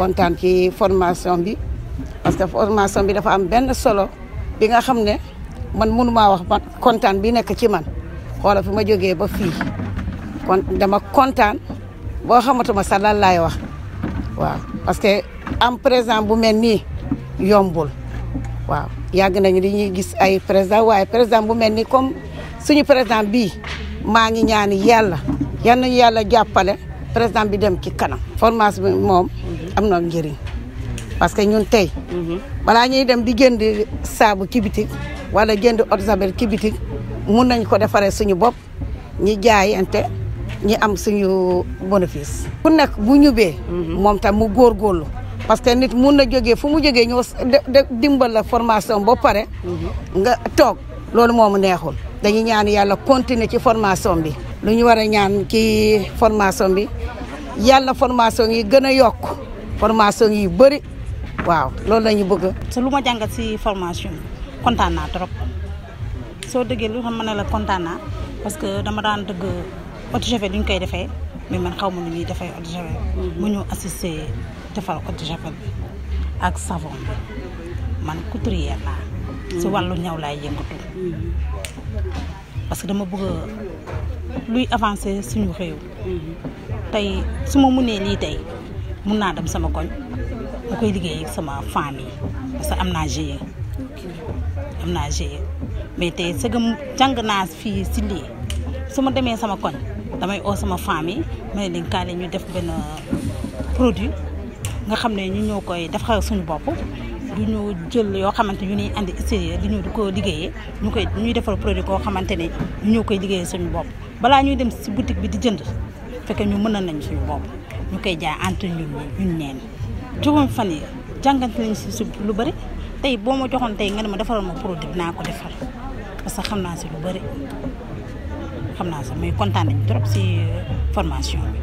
kontaan ci formation bi parce que formation bi dafa am benn solo bi nga xam ne man mënumaa wax man kontaan bi nekk ci man xoola fi ma jógee ba fii kon dama kontaan boo xamatuma sax lan laay wax waaw parce que am président bu mel nii yombul waaw yàgg nañu li ñuy gis ay président waaye président bu mel nii comme suñu président bii maa ngi ñaani yàlla yal yàlla jàppale président bi dem ci kanam formation bi moom am na njëriñ parce que ñun tey balaa ñuy dem di jënd saabu ci wala jënd eau de Javel ci bitik mun nañ ko defaree suñu bopp ñi jaayante ñi am suñu bénéfice ku nekk bu ñubee moom tam mu góorgóorlu parce que nit mun na jógee fu mu jógee ñëw dimbal la formation ba pare nga toog loolu moomu neexul dañuy ñaan yàlla continuer ci formation bi lu ñu war a ñaan ci formation bi yàlla formation yi gën a yokk formation yi bëri waaw loolu lañu bëgg. sa lu ma jàngat si formation kontaan naa trop soo dëggee lu xam ma ne la kontaan naa parce que dama daan dëgg autochefet duñ koy defee mais man xaw ma nu ñuy defee autochefet. Mhm. mu ñu assister defar autochefet bi ak savon bi man couturier laa. si mhm. wàllu ñaw laay yëngatu. Mhm. parce que dama bëgg luy avancer suñu réew. tey su ma mënee lii tey mun naa dem sama koñ mu koy liggéey ak sama famille parce que am naa GIE am naa GIE mais tey sëgam jàng naa fii si lii su demee sama koñ damay oo sama famille ma ne leen kaale ñu def benn produit nga xam ne ñu ñoo koy def defar suñu bopp du ñu jël yoo xamante ñu ñuy indi extérieur di ñu di ko liggéeyee ñu koy ñuy defar produit koo xamante ne ñu ñoo koy liggéeyee suñu bopp balaa ñuy dem si boutique bi di jënd fekk ñu mën nañ suñu bopp ñu koy jaay entre ñun ñun neen juróom fan yi jàngante nañ si su lu bëri tey boo ma joxoon tey nga ne ma defaral ma produit dinaa ko defar parce que xam naa si lu bëri xam naa si muy kontaan nañ trop si formation bi.